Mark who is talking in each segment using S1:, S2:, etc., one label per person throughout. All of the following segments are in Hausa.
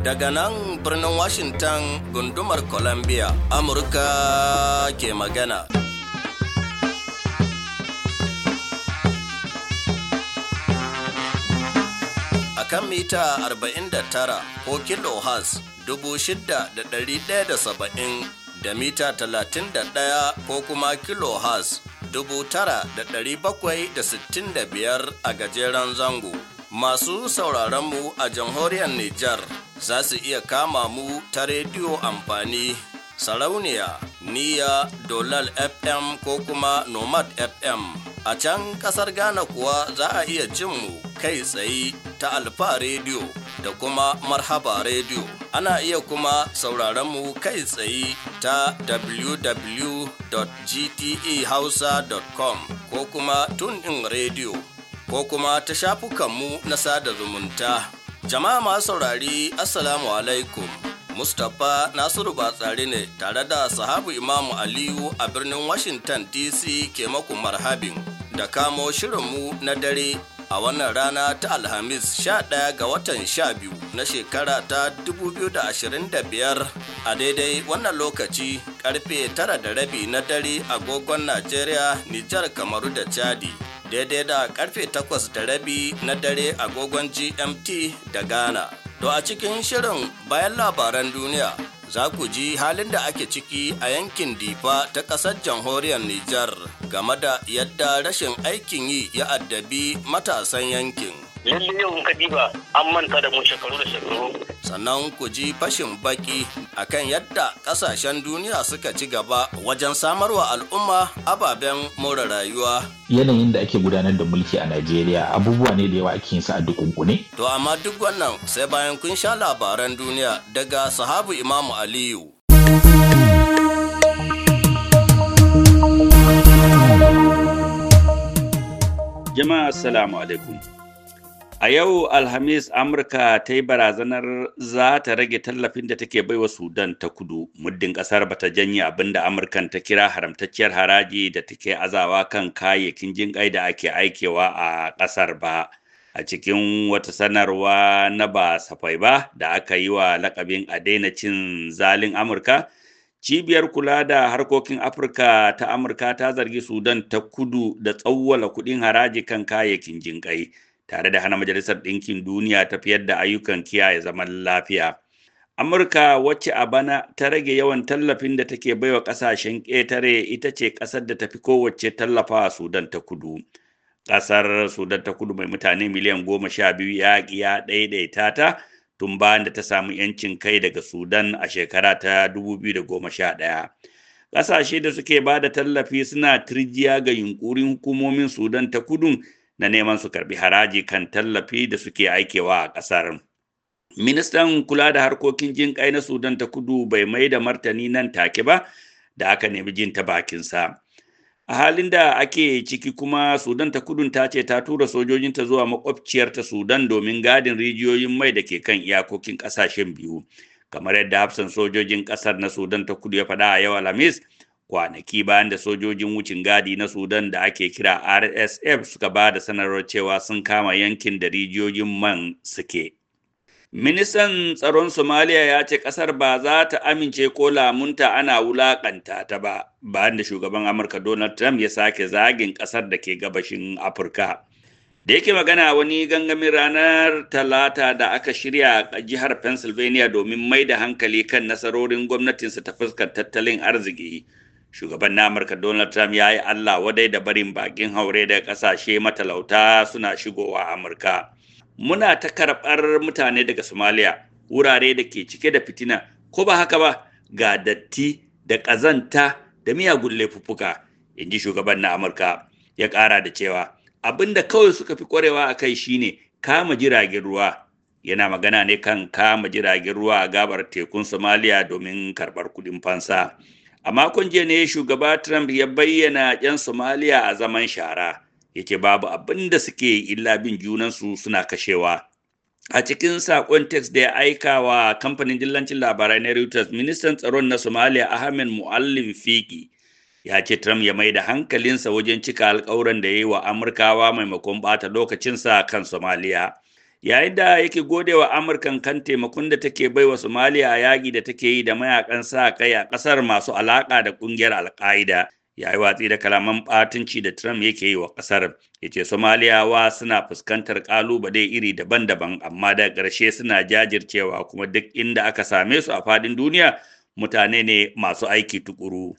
S1: Daga nan birnin Washington gundumar Columbia, Amurka ke magana. A kan mita 49 ko kilo has 6,170 da mita 31 ko kuma kilo kilohertz biyar a gajeren zango. Masu sauraron mu a jamhuriyar Nijar za su iya kama mu ta rediyo amfani sarauniya, niya, dolal FM ko kuma nomad FM. A can ƙasar Ghana kuwa za a iya jin mu kai tsaye ta Alfa Radio da kuma Marhaba Radio. Ana iya kuma sauraron mu kai tsaye ta www.gtehausa.com ko kuma tunin radio ko kuma ta shafukanmu na sada zumunta. Jama'a masu saurari Assalamu alaikum. Mustapha Nasiru Batsari ne tare da sahabu Imamu Aliyu a birnin Washington DC ke maku marhabin. da kamo shirinmu na dare a wannan rana ta Alhamis sha 11 ga watan sha biyu na shekara ta 2025 a daidai wannan lokaci karfe tara da rabi na dare agogon Najeriya, Nijar, Kamaru da Chadi. Daidai da karfe takwas da rabi na dare agogon GMT da Ghana. To a cikin shirin bayan labaran duniya. za ku ji halin da ake ciki a yankin Difa ta ƙasar jamhuriyar Nijar game da yadda rashin aikin yi ya addabi matasan yankin. lalle yau in ka diba an manta da mu shekaru da shekaru. Sannan ku ji fashin baki kan yadda kasashen duniya suka ci gaba wajen samarwa al'umma ababen more rayuwa.
S2: Yanayin da ake gudanar da mulki a Najeriya abubuwa ne da yawa ake yin sa a dukunkune.
S1: To amma duk wannan sai bayan kun sha labaran duniya daga sahabu Imamu Aliyu.
S3: Jama'a assalamu alaikum. A yau Alhamis Amurka ta yi barazanar za ta rage tallafin da take baiwa Sudan ta kudu muddin kasar bata janye abin da Amurkan ta kira haramtacciyar haraji da take azawa kan kayayyakin jinƙai da ake aikewa a ƙasar ba. A cikin wata sanarwa na ba safai ba da aka yi wa lakabin a daina cin zalin Amurka, Cibiyar kula da harkokin Afirka ta Amurka ta zargi Sudan ta kudu da tsawwala kuɗin haraji kan kayayyakin jinƙai. tare da hana majalisar ɗinkin duniya ta fiyar da ayyukan kiyaye zaman lafiya amurka wacce a bana ta rage yawan tallafin da take baiwa ƙasashen ƙetare ita ce ƙasar da tafi kowace tallafawa sudan ta kudu ƙasar sudan ta kudu mai mutane miliyan goma sha biyu ya ƙiya ɗaiɗaita ta tun bayan da ta samu 'yancin kai daga sudan a shekara ta 2011 ƙasashe da suke ba da tallafi suna tirjiya ga yunkurin hukumomin sudan ta Kudu. na neman su karbi haraji kan tallafi da suke aikewa a ƙasar. Ministan kula da harkokin jin kai na Sudan ta kudu bai mai da martani nan take ba da aka nemi jin ta bakinsa. A halin da ake ciki kuma Sudan ta kudun ta ce ta tura sojojinta zuwa makwabciyar ta Sudan domin gadin rijiyoyin mai da ke kan iyakokin ƙasashen biyu. Kamar yadda hafsan sojojin ƙasar na Sudan ta kudu ya faɗa a yau Alhamis, kwanaki bayan da sojojin wucin gadi na sudan da ake kira rsf suka ba da sanarwar cewa sun kama yankin da rijiyoyin man suke ministan tsaron somaliya ya ce kasar ba za ta amince ko lamunta ana wulakanta ta ba bayan da shugaban amurka donald trump ya sake zagin kasar da ke gabashin afirka da yake magana wani gangamin ranar talata da aka shirya a jihar pennsylvania domin mai da hankali kan nasarorin gwamnatinsa ta fuskar tattalin arziki shugaban na amurka donald trump ya yi allah wadai da barin bakin haure da kasashe matalauta suna shigowa amurka muna ta karɓar mutane daga somalia wurare da ke cike da fitina ko ba haka ba ga datti da ƙazanta da miyagun laifuffuka in ji shugaban na amurka ya ƙara da cewa abin da kawai suka fi ƙwarewa a kai shine kama jiragen ruwa yana magana ne kan kama jiragen ruwa a gabar tekun somalia domin karɓar kuɗin fansa a makon jiya ne shugaba trump ya bayyana 'yan somaliya a zaman shara yake babu abin da suke illa bin junansu suna kashewa a cikin saƙon text da ya aika wa kamfanin dillancin labarai na reuters ministan tsaron na somaliya ahmed muallim fiki ya ce trump ya mai da hankalinsa wajen cika alkawuran da ya yi wa amurkawa maimakon bata lokacinsa kan somaliya yayin da yake gode wa amurkan kan taimakon da take bai wa somaliya a yaƙi da take yi da mayakan sa kai a ƙasar masu alaƙa da ƙungiyar alƙa'ida ya yi watsi da kalaman ɓatanci da trump yake yi wa ƙasar ya ce somaliyawa suna fuskantar ƙalubale iri daban-daban amma da ƙarshe suna jajircewa kuma duk inda aka same su a faɗin duniya mutane ne masu aiki tukuru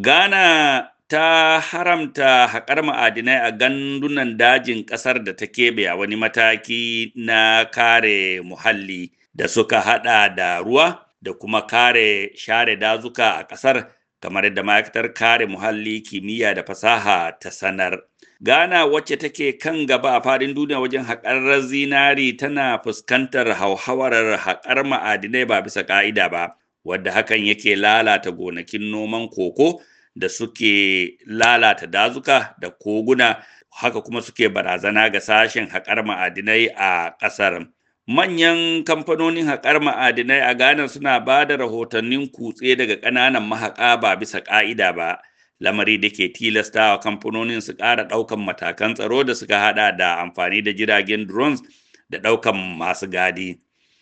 S3: ghana ta haramta haƙar ma'adinai a gandunan dajin ƙasar da ta keɓe a wani mataki na kare muhalli da suka haɗa da ruwa da kuma kare share dazuka a ƙasar kamar yadda ma'aikatar kare muhalli kimiyya da fasaha ta sanar. Ghana wacce take kan gaba a fadin duniya wajen haƙar zinari tana fuskantar hauhawar haƙar ma'adinai ba bisa ƙa'ida ba, wadda hakan yake lalata gonakin noman koko da suke lalata dazuka da koguna haka kuma suke barazana ga sashen haƙar ma'adinai a ƙasar. Manyan kamfanonin haƙar ma'adinai a Ghana suna ba da rahotannin kutse daga ƙananan mahaƙa ba bisa ƙa'ida ba, lamari da ke tilastawa kamfanonin su ƙara ɗaukan matakan tsaro da suka haɗa da amfani da jiragen drones da ɗaukan masu gadi.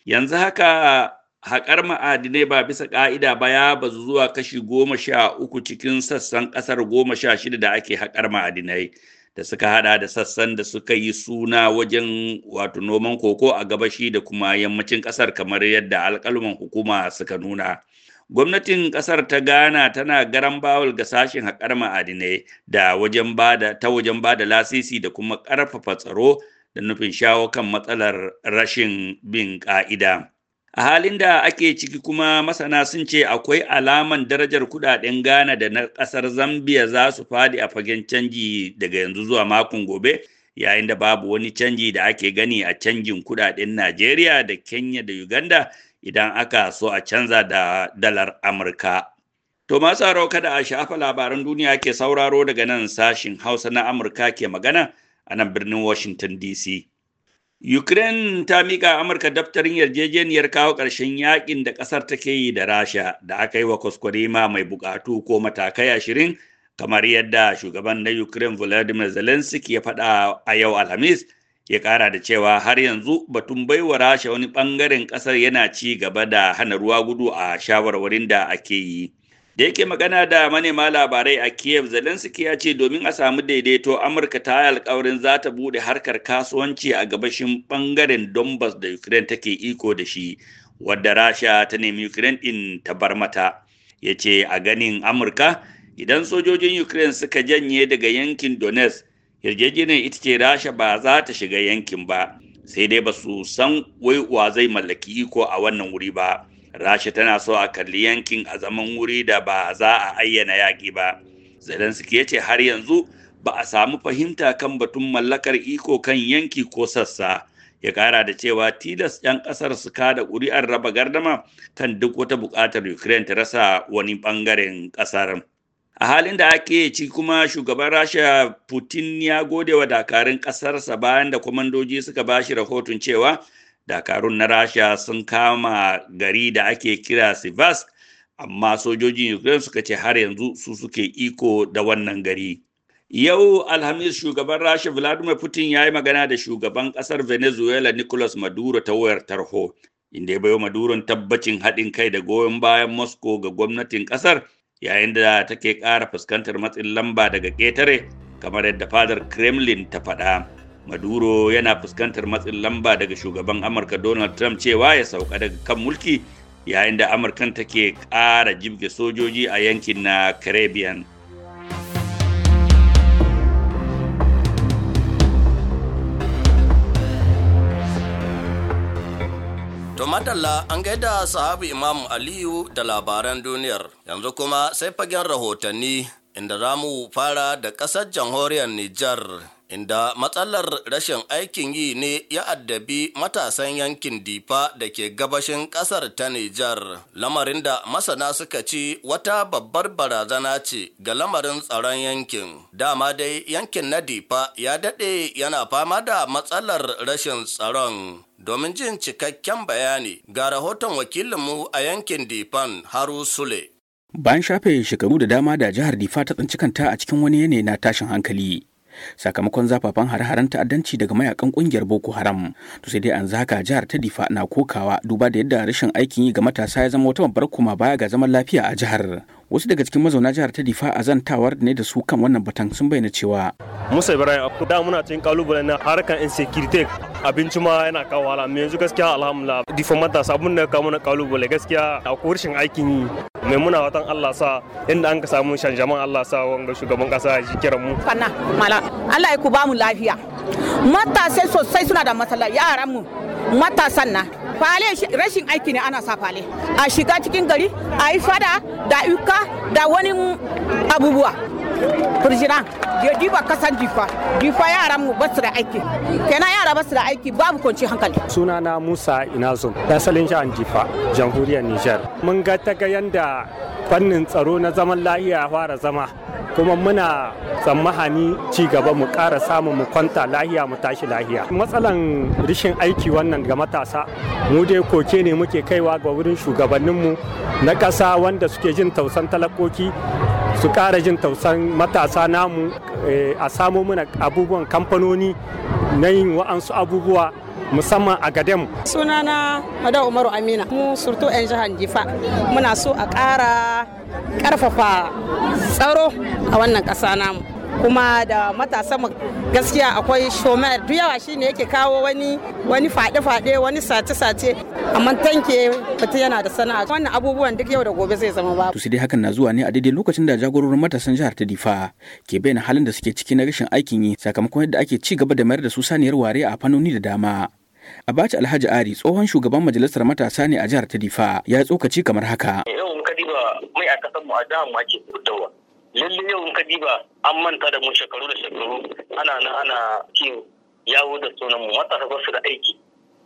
S3: Yanzu haka haƙar ma'adinai ba bisa ƙa'ida ba ya bazu zuwa kashi goma sha uku cikin sassan ƙasar goma sha shida da ake haƙar ma'adinai da suka haɗa da sassan da suka yi suna wajen wato noman koko a gabashi da kuma yammacin ƙasar kamar yadda alƙaluman hukuma suka nuna. gwamnatin ƙasar ta ghana tana garan bawul ga sashen haƙar ma'adinai da wajen bada ta wajen bada lasisi da kuma ƙarfafa tsaro da nufin shawo kan matsalar rashin bin ƙa'ida a halin da ake ciki kuma masana sun ce akwai alaman darajar kudaden ghana da na kasar zambia za su fadi a fagen canji daga yanzu zuwa makon gobe yayin da babu wani canji da ake gani a canjin kudaden najeriya da kenya da uganda idan aka so a canza da dalar amurka to masu kada a shafa labaran duniya ke sauraro daga nan sashin hausa na amurka ke magana a nan birnin washington dc Ukraine ta miƙa Amurka daftarin yarjejeniyar kawo ƙarshen yakin da ƙasar take yi da Rasha da aka yi wa kwaskwarima mai buƙatu ko matakai ashirin kamar yadda shugaban na Ukraine Volodymyr Zelensky ya faɗa a yau Alhamis ya ƙara da cewa har yanzu batun baiwa Rasha wani ɓangaren ƙasar yana ci gaba da hana ruwa gudu a shawarwarin da ake yi. da yake magana da manema labarai a kiev zelensky ya ce domin a samu daidaito amurka ta yi alkawarin za ta bude harkar kasuwanci a gabashin bangaren donbass da ukraine take iko da shi wadda rasha ta nemi ukraine din ta bar mata ya ce a ganin amurka idan sojojin ukraine suka janye daga yankin donetsk yarjejeniyar ita ce rasha ba za ta shiga yankin ba sai dai ba su san wai wa zai mallaki iko a wannan wuri ba rasha tana so a kalli yankin a zaman wuri da ba za a ayyana yaƙi ba zelensky ya ce har yanzu ba a samu fahimta kan batun mallakar iko kan yanki ko sassa ya kara da cewa tilas 'yan ƙasar su kada ƙuri'ar raba gardama kan duk wata buƙatar ukraine ta rasa wani ɓangaren ƙasar a halin da ake ci kuma shugaban rasha putin ya gode wa dakarun ƙasarsa bayan da kwamandoji suka bashi rahoton cewa dakarun na rasha sun kama gari da ake kira sivask amma sojojin ukraine suka ce har yanzu su suke iko da wannan gari yau alhamis shugaban rasha vladimir putin ya yi magana da shugaban kasar venezuela nicolas maduro ta wayar tarho inda ya bayo maduron tabbacin haɗin kai da goyon bayan moscow ga gwamnatin kasar yayin da take ƙara fuskantar matsin lamba daga ƙetare kamar yadda fadar kremlin ta faɗa maduro yana fuskantar matsin lamba daga shugaban amurka donald trump cewa ya sauka daga kan mulki yayin da amurkan take ƙara jibge sojoji a yankin na caribbean
S1: To madalla an gaida sahabu Imam Aliyu da labaran duniyar yanzu kuma sai fagen rahotanni inda za mu fara da ƙasar jamhuriyar Nijar. inda matsalar rashin aikin yi ne ya addabi matasan yankin difa da ke gabashin kasar ta Nijar, lamarin da masana suka ci wata babbar barazana ce ga lamarin tsaron yankin. Dama dai yankin na difa ya daɗe yana fama da matsalar rashin tsaron. Domin jin cikakken bayani ga rahoton wakilinmu a yankin Difan Haru Sule.
S4: Bayan shafe shekaru da dama da jihar Difa ta tsinci kanta a cikin wani yanayi na tashin hankali, sakamakon zafafan hare-haren ta'addanci daga mayakan kungiyar boko haram to sai dai an zaka jihar ta difa na kokawa duba da yadda rashin aikin yi ga matasa ya zama wata babbar kuma baya ga zaman lafiya a jihar wasu daga cikin mazauna jihar ta difa a zantawar ne da su kan wannan batan sun bayyana cewa musa ibrahim da muna cikin kalubale na harkar insecurity abinci ma yana kawo hala yanzu gaskiya alhamdulillah difa matasa abin da kawo mana kalubale gaskiya akwai rashin aikin yi mai muna watan Allah sa inda an ka samu shanjaman Allah sa wanga shugaban kasa ya ji kiran mu
S5: kana mala Allah ya ku ba lafiya matasa sosai suna da matsala yaran mu matasan na fale rashin aiki ne ana sa fale a shiga cikin gari a yi fada da uka da wani abubuwa firjina ya diba kasan jifa jifa yaran mu basu da aiki kenan yara basu da aiki babu kwanci hankali
S3: Suna na musa inazum asalin jihar jifa jamhuriyar niger mun ga ta ga yanda fannin tsaro na zaman lahiya fara zama kuma muna tsammahani ci gaba mu kara samun mu kwanta lahiya mu tashi lahiya matsalan rishin aiki wannan ga matasa mu dai koke ne muke kaiwa ga wurin shugabanninmu na ƙasa wanda suke jin tausan talakoki su ƙara jin tausan matasa namu eh, a samo mana abubuwan kamfanoni na yin wa'ansu abubuwa musamman a gadem.
S6: sunana mada umaru amina mu surto 'yan jihar jifa muna so a ƙara ƙarfafa tsaro a wannan ƙasa namu kuma da matasa gaskiya akwai shomer duk yawa shine yake kawo wani wani fade-fade wani sace-sace amma tanke mutum yana da sana'a wannan abubuwan duk yau da gobe zai zama ba.
S4: to sai dai hakan na zuwa ne a daidai lokacin da jagororin matasan jihar ta difa ke bayyana halin da suke ciki na rashin aikin yi sakamakon yadda ake ci gaba da mayar da su saniyar ware a fanoni da dama. Abacha Alhaji Ari tsohon shugaban majalisar matasa ne a jihar ta ya tsokaci kamar haka.
S7: Yau
S8: mun kadi ba mai a kasan mu a
S7: dama ake fitowa. lalle yau in ka diba an manta da mu shekaru da shekaru ana na
S3: ana
S1: kiwo yawo da sunan mu matasa ba su da aiki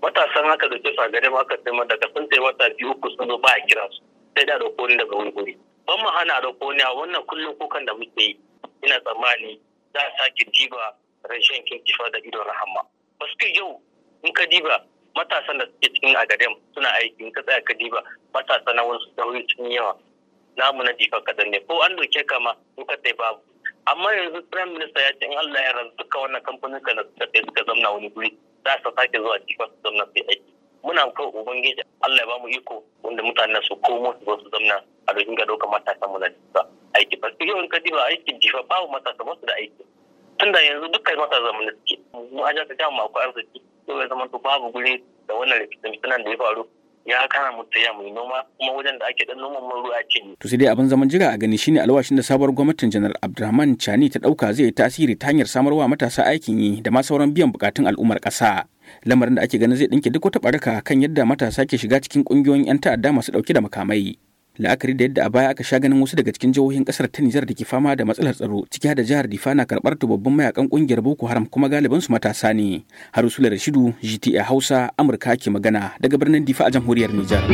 S1: matasan haka da kisa gare ma aka daga da kafin wata biyu ku sun zo ba a kira su sai da da daga wani guri ban mu
S3: hana da a wannan kullum kukan da muke yi ina tsammani za a sake diba rashin kin kifa da idon rahama basu yau in ka diba matasan da suke cikin agadem suna aiki in ka tsaya ka diba matasa na wani su cikin yawa namu na jifa kadan ne ko an doke ka ma ka sai babu amma yanzu prime minister ya ce in Allah ya rantsu ka wannan kamfanin ka na suka suka zamna wani guri za su sake zuwa jifa su zamna sai aiki muna ko ubangiji Allah ya ba mu iko wanda mutanen su komo su zo su zamna a dokin ga ɗaukar matasan mu na jifa aiki ba su yawan ka jifa aikin jifa babu matasa masu da aiki tunda yanzu dukkan matasa mu suke mu a ta jama'a ko arziki to ya zama babu guri da wannan rikicin da ya faru ya kana mu mai mu noma kuma wajen da ake dan noman mun ruwa ce to sai
S4: dai abin zaman jira a gani shine alwashin da sabuwar gwamnatin janar Abdulrahman Chani ta dauka zai tasiri ta hanyar samarwa matasa aikin yi da ma sauran biyan bukatun al'ummar kasa lamarin da ake ganin zai ɗinke duk wata baraka kan yadda matasa ke shiga cikin ƙungiyoyin 'yan ta'adda masu ɗauke da makamai. la'akari da yadda a baya aka sha ganin wasu daga cikin jihohin kasar ta Nijar da ke fama da matsalar tsaro ciki da jihar Difa na karbar tubabbin mayakan kungiyar Boko Haram kuma galibin su matasa ne da Rashidu GTA Hausa Amurka ke magana daga birnin Difa a jamhuriyar Nijar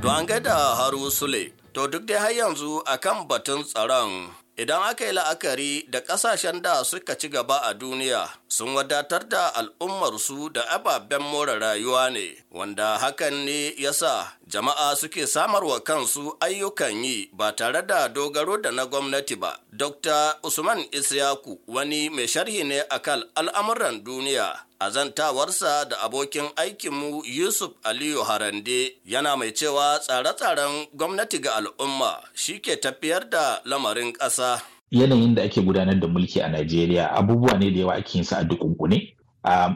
S1: To an da Haru Sule to duk dai har yanzu akan batun tsaron Idan aka yi la'akari da ƙasashen da suka ci gaba a duniya sun wadatar da al'ummarsu da ababen more rayuwa ne, wanda hakan ne ya sa jama'a suke samarwa kansu ayyukan yi ba tare da dogaro da na gwamnati ba. Dr. Usman Isyaku wani mai sharhi ne akan al'amuran duniya. azantawarsa da abokin aikinmu yusuf aliyu harande yana mai cewa tsare-tsaren gwamnati ga al'umma shi ke tafiyar da lamarin ƙasa
S2: yanayin da ake gudanar da mulki a najeriya abubuwa ne da yawa ake yin sa a dukunkune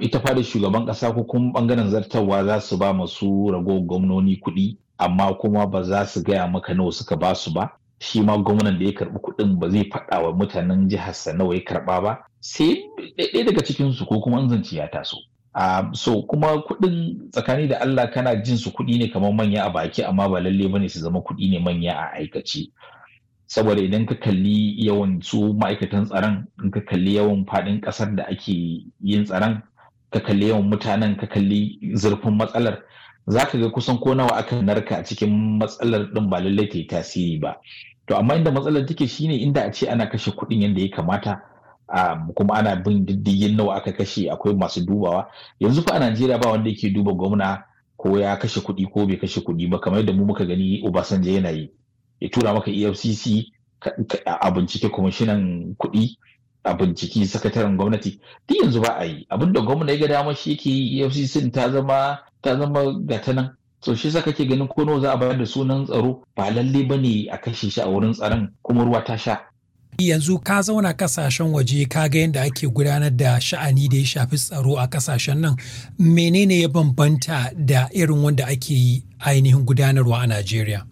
S2: Ita ita da shugaban ƙasa ko kuma ɓangaren zartarwa za su ba masu rago gwamnoni kuɗi amma kuma ba za su gaya maka nawa suka ba su ba shi ma gwamnan da ya karɓi kuɗin ba zai faɗa wa mutanen jiharsa nawa ya karɓa ba sai ɗaya daga cikinsu ko kuma zanci ya taso ah, so kuma kuɗin tsakani da Allah kana jin su kuɗi ne kamar manya a baki amma ba lalle bane su zama kuɗi ne manya a aikace saboda idan ka kalli yawan su ma'aikatan tsaron in ka kalli yawan faɗin ƙasar da ake yin tsaron ka kalli yawan mutanen ka kalli zurfin matsalar za ka ga kusan ko nawa aka narka a cikin matsalar ɗin ba lallai ta yi tasiri ba to amma inda matsalar take shine inda a ce ana kashe kuɗin yadda ya kamata kuma ana bin diddigin nawa aka kashe akwai masu dubawa yanzu fa a najeriya ba wanda yake duba gwamna ko ya kashe kuɗi ko bai kashe kuɗi ba kamar yadda mu muka gani obasanjo yana yi ya tura maka efcc a bincike kwamishinan kuɗi a binciki sakataren gwamnati duk yanzu ba a yi abinda gwamna ya ga dama shi yake yi efcc ta zama ta zama gata nan so shi sa kake ganin ko nawa za a bayar da sunan tsaro ba lalle ba ne a kashe shi a wurin tsaron kuma ruwa ta sha
S4: yanzu ka zauna kasashen waje ka ga yadda ake gudanar da sha'ani da ya shafi tsaro a kasashen nan menene ya bambanta da irin wanda ake yi ainihin gudanarwa a najeriya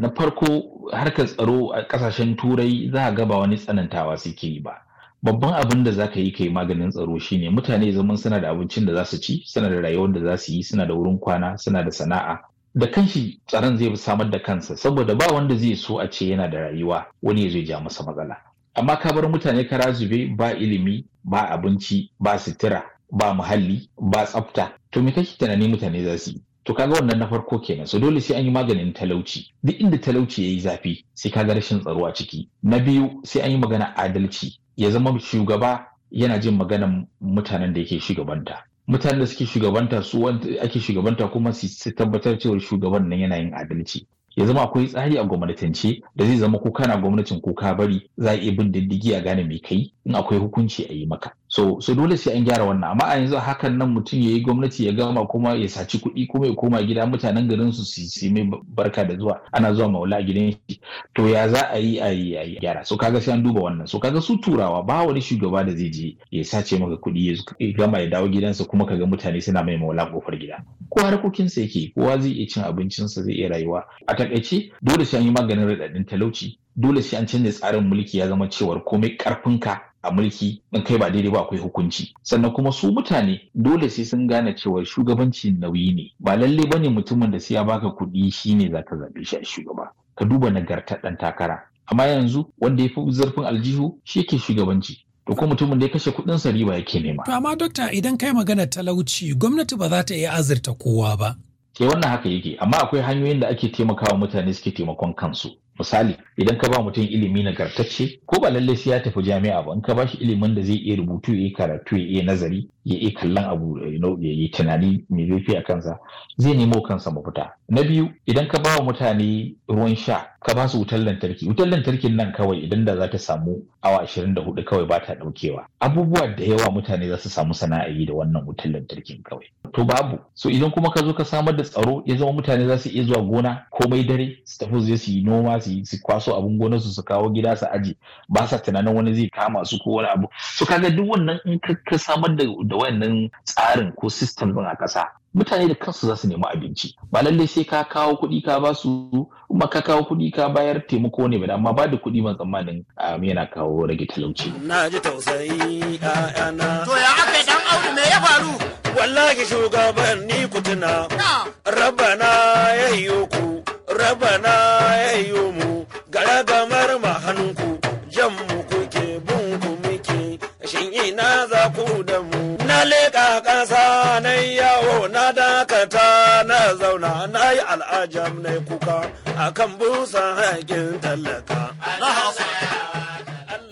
S2: na farko harkar tsaro a kasashen turai za a gaba wani tsanantawa suke yi ba babban abin da za ka yi kai maganin tsaro shine mutane zaman suna da abincin da za su ci suna da rayuwar da za su yi suna da wurin kwana suna da sana'a da kanshi tsaron zai samar da kansa saboda ba wanda zai so a ce yana da rayuwa wani zai ja masa matsala amma ka bar mutane kara zube ba ilimi ba abinci ba sutura ba muhalli ba tsafta to me kake tunani mutane za su yi to kaga wannan na farko kenan so dole sai an yi maganin talauci duk inda talauci ya yi zafi sai kaga rashin tsaro a ciki na biyu sai an yi magana adalci ya zama shugaba yana jin maganan mutanen da yake shugabanta mutanen da suke shugabanta su ake shugabanta kuma su tabbatar cewa shugaban nan yana yin adalci ya zama akwai tsari a gwamnatance da zai zama ko kana gwamnatin ko ka bari za a iya bin diddigi a gane mai kai in akwai hukunci a yi maka so so dole sai an gyara wannan amma a yanzu hakan nan mutum ya yi gwamnati ya gama kuma ya saci kuɗi kuma ya koma gida mutanen garin su su mai barka da zuwa ana zuwa maula a gidan shi to ya za a yi a yi gyara so kaga sai an duba wannan so kaga su turawa ba wani shugaba da zai je ya sace maka kuɗi ya gama ya dawo gidansa kuma kaga mutane suna mai maula kofar gida ko harkokinsa yake kowa zai iya cin abincinsa zai iya rayuwa a takaice dole sai an yi maganin raɗaɗin talauci dole sai an canza tsarin mulki ya zama cewar komai karfinka a mulki in kai ba daidai ba akwai hukunci sannan kuma su mutane dole sai sun gane cewa shugabanci nauyi ne ba lalle bane mutumin da sai ya baka kuɗi shine zaka zabe shi a shugaba ka duba nagartar ɗan takara amma yanzu wanda ya fi zarfin aljihu shi yake shugabanci to ko mutumin da ya kashe kuɗin sa riba yake nema
S4: to amma dokta idan kai magana talauci gwamnati ba za ta iya azurta
S2: kowa ba ke eh, wannan haka yake amma akwai hanyoyin da ake taimakawa mutane suke taimakon kansu misali idan ka ba mutum ilimi nagartacce ko ba lallai sai ya tafi jami'a ba in ka ba shi ilimin da zai iya rubutu ya yi karatu ya iya nazari ya iya kallon abu eh, ya yi tunani mai zurfi a kansa zai nemo kansa mafita na biyu idan ka ba wa mutane ruwan sha ka ba su wutar lantarki wutar lantarkin nan kawai idan da za ta samu awa 24 kawai ba ta daukewa abubuwa da yawa mutane za su samu sana'a yi da wannan wutar lantarkin kawai to babu so idan kuma ka zo ka samar da tsaro ya zama mutane za su iya zuwa gona komai dare su tafi zai su yi noma su yi kwaso abin gonar su su kawo gida su aji ba sa tunanin wani zai kama su ko wani abu so kaga duk wannan in ka samar da wannan tsarin ko system din a ƙasa
S5: mutane da kansu
S2: za su nemi abinci ba lallai sai ka kawo kuɗi ka ba su kuma ka kawo kuɗi ka bayar taimako ne ba amma ba da kuɗi ban tsammanin um, yana kawo rage talauci.
S5: na ji tausayi
S3: ƴaƴana. to ya aka dan audu me ya faru. wallahi shugaban ni kutuna. Raba ya yiwu ku rabana ya yiwu mu garagamar ma hannunku jan mu kuke bin ku muke shin ina za ku da mu na leƙa na yi al'ajam na yi kuka kan busa haƙin
S1: talaka.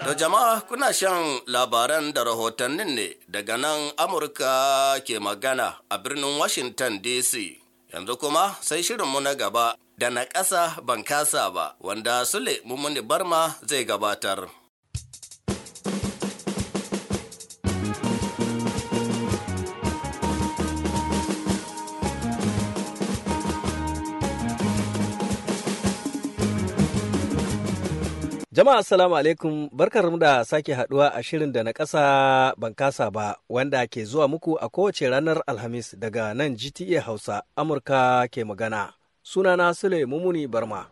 S1: Da jama'a kuna shan labaran da rahotannin ne daga nan Amurka ke magana a birnin Washington DC. Yanzu kuma sai shirin mu na gaba da na ƙasa ban kasa ba wanda Sule Mummuni Barma zai gabatar.
S6: Jama'a assalamu alaikum barkar da sake haduwa a shirin da na kasa ban kasa ba wanda ke zuwa muku a kowace ranar Alhamis daga nan GTA Hausa Amurka ke magana. Sunana Sule Mumuni Barma.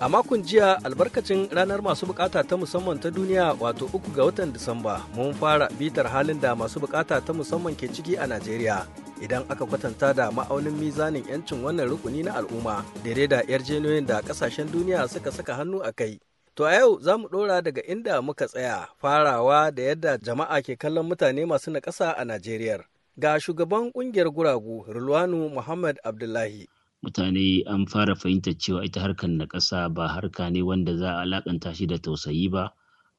S6: A makon jiya albarkacin ranar masu bukata ta musamman ta duniya wato uku ga watan Disamba mun fara bitar halin da masu bukata ta musamman ke ciki a Najeriya. Idan aka kwatanta da ma'aunin mizanin 'yancin wannan rukuni na al'umma, daidai da 'yar jenoyin da kasashen duniya suka saka hannu a kai. To a yau za mu ɗora daga inda muka tsaya farawa da yadda jama'a ke kallon mutane masu naƙasa a Najeriya. Ga shugaban ƙungiyar guragu Rulwanu Muhammad Abdullahi.
S5: mutane an fara fahimtar cewa ita harkar na ƙasa ba harka ne wanda za a alakanta shi da tausayi ba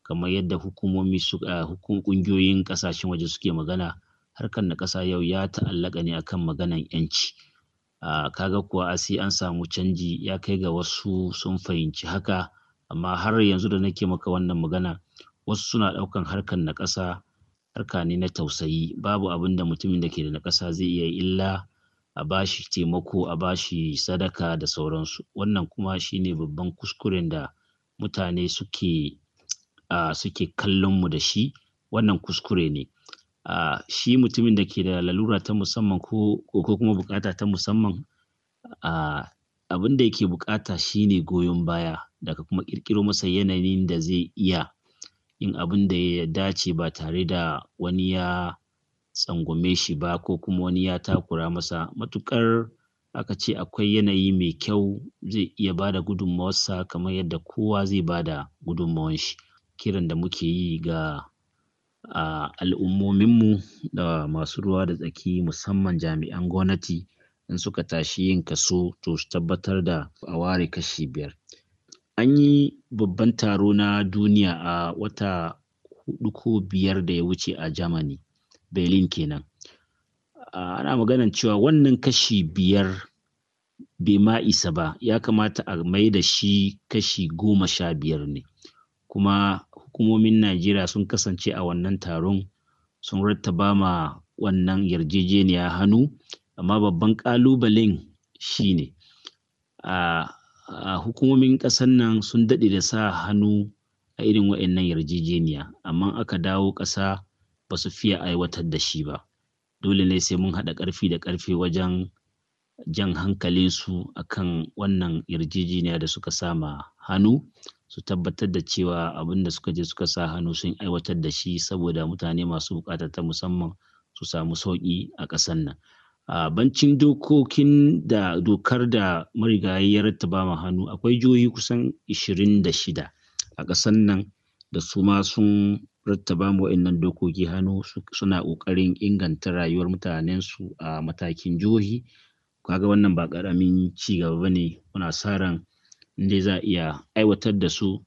S5: kamar yadda hukumomi suka ƙungiyoyin ƙasashen waje suke magana harkar na ƙasa yau ya ta'allaka ne akan maganan yanci a kaga kuwa sai an samu canji ya kai ga wasu sun fahimci haka amma har yanzu da nake maka wannan magana wasu suna ɗaukan harkar na ƙasa harka ne na tausayi babu abin da mutumin da ke da na ƙasa zai iya illa a bashi taimako a bashi sadaka da sauransu wannan kuma shine babban kuskuren da mutane suke a suke kallon mu da shi wannan kuskure ne a shi mutumin da ke da lalura ta musamman ko ko kuma bukata ta musamman a abin da yake bukata shine goyon baya daga kuma ƙirƙiro masa yanayin da zai iya yin abin da ya dace ba tare da wani ya tsangwame shi ba ko kuma wani ya takura masa matukar aka ce akwai yanayi mai kyau zai iya bada da gudunmawarsa kamar yadda kowa zai ba da gudunmawar shi kiran da muke yi ga al'ummominmu da masu ruwa da tsaki musamman jami'an gwamnati in suka tashi yin kaso to su tabbatar da a ware kashi biyar an yi babban taro na duniya a wata hudu ko biyar da ya wuce a germany berlin kenan ana maganan cewa wannan kashi biyar bai ma isa ba ya kamata a mai da shi kashi goma sha biyar ne kuma hukumomin najeriya sun kasance a wannan taron sun rattaba ma wannan yarjejeniya hannu amma babban ƙalubalen shi ne, a hukumomin ƙasar nan sun daɗe da sa hannu a irin wa'annan yarjejeniya amma aka dawo ƙasa ba su fiye aiwatar da shi ba dole ne sai mun haɗa karfi da ƙarfe wajen jan hankali su akan wannan yarjejeniya da suka sama hannu su tabbatar da cewa abin da suka je suka sa hannu sun aiwatar da shi saboda mutane masu bukata ta musamman su samu sauƙi a ƙasar nan a bancin dokokin da dokar da marigayi ya rattaba ma hannu akwai jihohi kusan 26 a ƙasar nan da su ma sun ba mu wa'annan dokoki hannu suna ƙoƙarin inganta rayuwar mutanensu a matakin jihohi kaga wannan ba ƙaramin ci gaba ba ne muna sa ran in dai za a iya aiwatar da su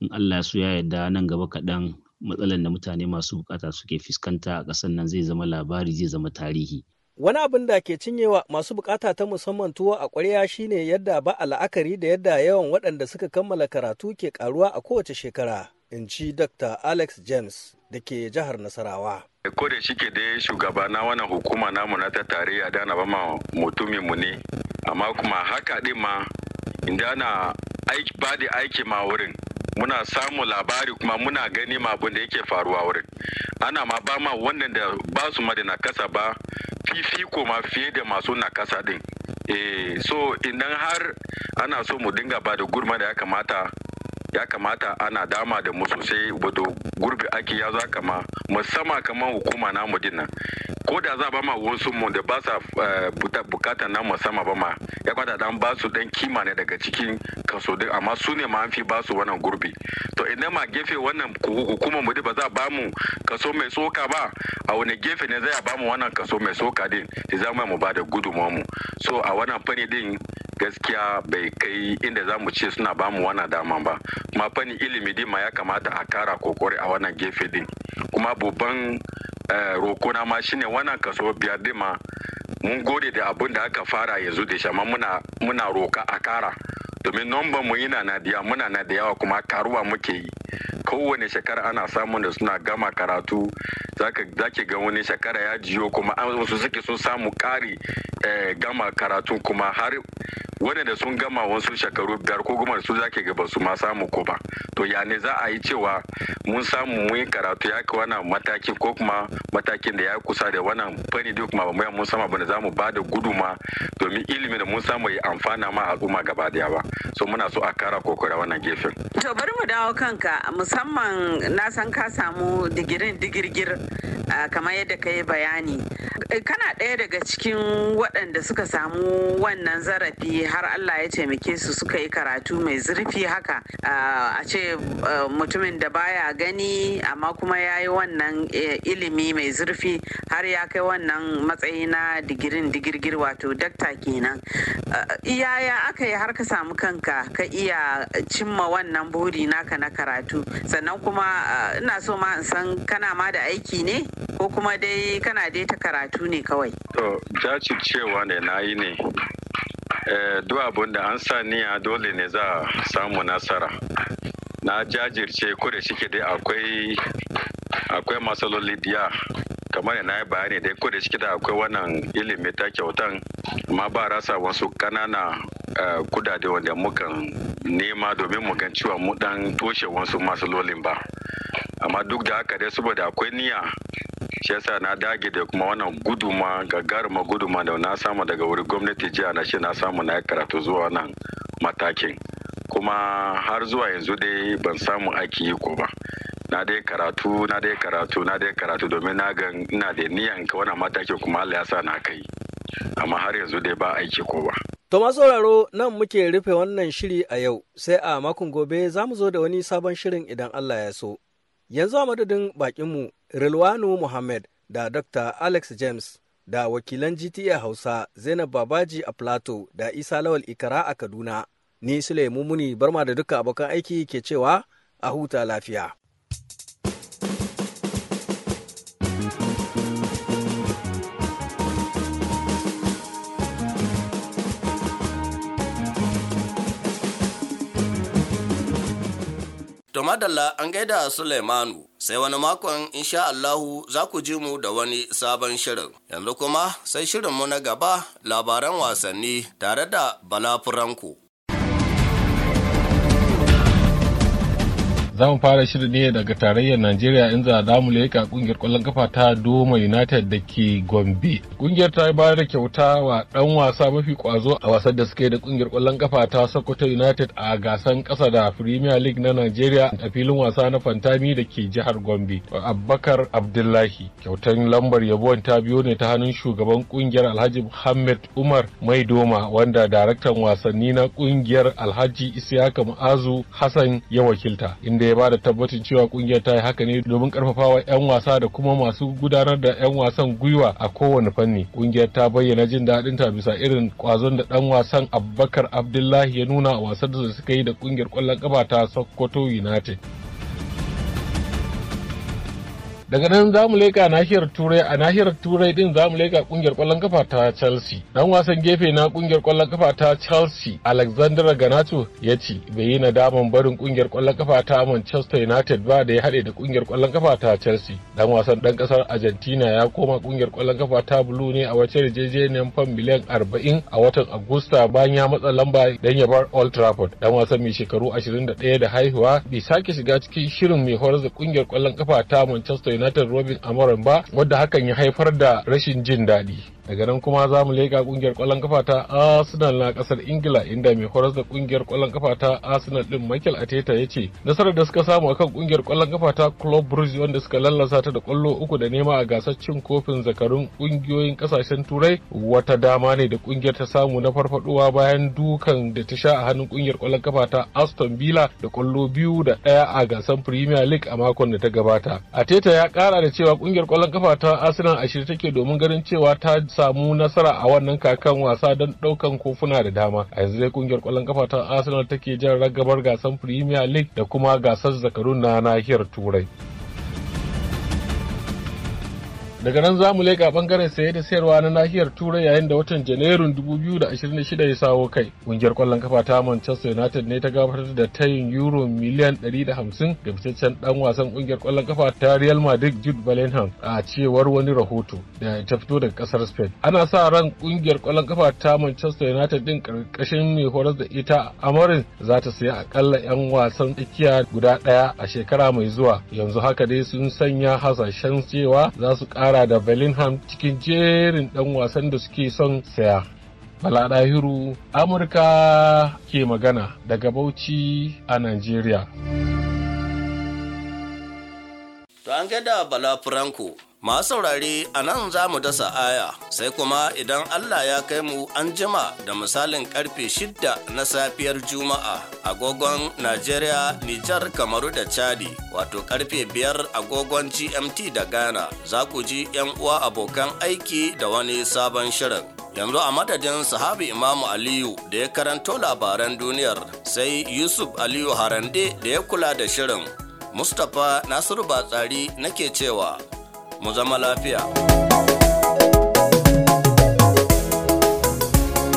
S5: in Allah ya ya yarda nan gaba kaɗan matsalar da mutane masu bukata suke fuskanta a ƙasar nan zai zama labari zai zama tarihi.
S6: Wani abin da ke cinyewa masu bukata ta musamman tuwo a ƙwarya shine yadda ba a la'akari da yadda yawan waɗanda suka kammala karatu ke karuwa a kowace shekara. in ci Dr. Alex James da ke jihar
S7: Nasarawa. Ko da shi ke da shugaba na wannan hukuma namu na ta tarayya da na bama mutumin mu ne, amma kuma haka din ma inda ana ba da aiki ma wurin muna samu labari kuma muna gani ma abin da yake faruwa wurin ana ma ba ma wannan da ba su ma da nakasa ba fifiko ma fiye da masu nakasa din eh so idan har ana so mu dinga ba da gurma da ya kamata ya kamata ana dama da mu sosai wato gurbi ake ya za kama musamman kamar hukuma na mu dinnan ko da za ba ma wasu mu da ba sa eh, bukata na musamman ba ma ya kwata dan ba su dan kima ne daga cikin kaso din amma su ne ma an fi ba su wannan gurbi to idan ma gefe wannan hukuma mu ba za ba mu kaso mai tsoka ba a wani gefe ne zai ba mu wannan kaso mai tsoka din da za mu ba da gudunmu so a wannan fani din gaskiya bai kai inda za mu ce suna ba mu wannan dama ba kuma fani ilimi dima ya kamata a kara kokore a wannan gefe din kuma babban eh, rokona ma shine wannan kaso biyar din mun gode da abun da aka fara yanzu da shi muna muna roka a kara domin nomban mu yana na da muna na da yawa kuma karuwa muke yi kowane shekara ana samun da suna gama karatu za ga wani shekara ya jiyo kuma an wasu suke sun samu ƙari eh, gama karatu kuma har waɗanda sun gama wasu shekaru biyar ko goma su zake gaba su ma samu ko ba to ya ne za a yi cewa mun samu mun yi karatu ya kai wannan mataki ko kuma matakin da ya kusa da wannan fani duk kuma mu mun sama bane za mu ba da guduma domin ilimi da mun samu ya amfana ma al'umma gaba daya ba so muna so a kara kokora wannan gefen
S5: to bari mu dawo kanka musamman na san ka samu digirin digirgir kamar yadda ka yi bayani kana ɗaya daga cikin waɗanda suka samu wannan zarafi har Allah ya taimake su suka yi karatu mai zurfi haka a ce mutumin da baya gani amma kuma ya yi wannan e, ilimi mai zurfi har ya kai wannan matsayi na digirin digirgir wato dakta kenan iyaya aka yi har ka samu kanka ka iya cimma wannan buri naka na karatu sannan kuma ina so ma in san kana ma da aiki ne ko kuma dai kana dai ta karatu ne kawai
S7: to jajircewa ne na yi ne Eh, duk abun da an sa niya dole ne za a samu nasara na jajirce ko da shike dai akwai akwai matsaloli diya kamar da na yi bayani dai ko da shi da akwai wannan ilimi ta kyautan amma ba rasa wasu kanana eh, kudade wanda mukan nema domin mu gan cewa mu dan toshe wasu masu lolin ba amma duk da haka dai saboda akwai niyya shi yasa na dage da kuma wannan guduma gagaruma guduma da na samu daga wuri gwamnati jiya na shi na samu na karatu zuwa nan matakin kuma har zuwa yanzu dai ban samu aiki yi ko ba na dai karatu na dai karatu na dai karatu domin na ga ina da niyan ka wannan matakin kuma Allah ya sa na kai amma har yanzu dai ba aiki ko ba
S6: to sauraro nan muke rufe wannan shiri a yau sai a makon gobe za mu zo da wani sabon shirin idan Allah ya so yanzu a madadin mu Rilwanu Muhammad da Dr. Alex James da wakilan GTA Hausa Zainab Babaji a Plateau da Isa Lawal Ikara a Kaduna. Ni Sulaiman Mumuni barma da duka abokan aiki ke cewa a huta lafiya.
S1: To madalla an gaida Suleimanu sai wani makon insha Allahu za ku ji mu da wani sabon shirin. Yanzu kuma sai mu na gaba labaran wasanni tare da Bala
S8: za mu fara shirin ne daga tarayyar najeriya in za mu leƙa kungiyar ƙwallon kafa ta doma united da ke gombe kungiyar ta bayar da kyauta wa ɗan wasa mafi ƙwazo a wasan da suke da kungiyar ƙwallon kafa ta sokoto united a gasan kasa da premier league na najeriya a filin wasa na fantami da ke jihar gombe abubakar abdullahi kyautan lambar yabon ta biyo ne ta hannun shugaban kungiyar alhaji muhammad umar mai doma wanda daraktan wasanni na kungiyar alhaji isiyaka mu'azu hassan ya wakilta inda ya bada tabbacin cewa kungiyar ta yi haka ne domin karfafawa 'yan wasa da kuma masu gudanar da 'yan wasan gwiwa a kowane fanni kungiyar ta bayyana jin daɗin ta bisa irin kwazon da dan wasan abubakar abdullahi ya nuna a wasan da suka yi da kungiyar kwallon kafa ta sokoto united daga nan za mu leka nahiyar turai a nahiyar turai din za mu leka kungiyar kwallon kafa ta chelsea dan wasan gefe na kungiyar kwallon kafa ta chelsea alexander ganato ya ce bai yi nadaman barin kungiyar kwallon kafa ta manchester united ba da ya haɗe da kungiyar kwallon kafa ta chelsea dan wasan dan kasar argentina ya koma kungiyar kwallon kafa ta blue ne a wace yarjejeniyar fam miliyan arba'in a watan agusta bayan ya matsa lamba dan ya bar old trafford dan wasan mai shekaru 21 da haihuwa bai sake shiga cikin shirin mai horar da kungiyar kwallon kafa ta manchester united robin amoran ba wadda hakan ya haifar da rashin jin daɗi daga nan kuma za mu leƙa ƙungiyar ƙwallon kafa ta arsenal na ƙasar ingila inda mai horas da ƙungiyar ƙwallon kafa ta arsenal ɗin michael ateta ya ce nasarar da suka samu akan ƙungiyar ƙwallon kafa ta club brugge wanda suka lallasa ta da ƙwallo uku da nema a gasar cin kofin zakarun ƙungiyoyin ƙasashen turai wata dama ne da ƙungiyar ta samu na farfaɗowa bayan dukan da ta sha a hannun ƙungiyar ƙwallon kafa ta aston villa da ƙwallo biyu da ɗaya a gasar premier league a makon da ta gabata ateta ya kara da cewa ƙungiyar ƙwallon kafa ta arsenal a shirye take domin ganin cewa ta samu nasara a wannan kakan wasa don ɗaukan kofuna da dama a yanzu dai kungiyar ƙwallon kafa ta arsenal take jan ragabar gasar premier league da kuma gasar zakarun na nahiyar turai daga nan za zamu leƙa bangaren saye da sayarwa na nahiyar turai yayin da watan janairun 2026 ya sawo kai ƙungiyar ƙwallon kafa ta manchester united ne ta gabatar da tayin euro miliyan 150 ga fitaccen dan wasan ƙungiyar ƙwallon kafa ta real madrid jude bellingham a cewar wani rahoto da ta fito daga ƙasar spain ana sa ran ƙungiyar ƙwallon kafa ta manchester united din ƙarƙashin mai horar da ita amarin za ta sayi aƙalla yan wasan tsakiya guda ɗaya a shekara mai zuwa yanzu haka dai sun sanya hasashen cewa za su ƙara fara da bellingham cikin jerin ɗan wasan da suke son saya bala dahiru amurka ke magana daga bauchi a Najeriya.
S1: to an gada bala franco Masu saurari a nan za mu dasa aya, sai kuma idan Allah ya kai mu an jima da misalin karfe shidda na safiyar Juma'a, agogon Najeriya, Nijar, Kamaru da Chadi, wato karfe biyar agogon GMT da Ghana, za ku ji 'yan uwa abokan aiki da wani sabon shirin. Yanzu a madadin sahabi Imamu Aliyu da ya karanto labaran duniyar, sai Yusuf Aliyu Harande da ya kula da shirin. Mustapha Nasiru Batsari nake cewa. mu zama lafiya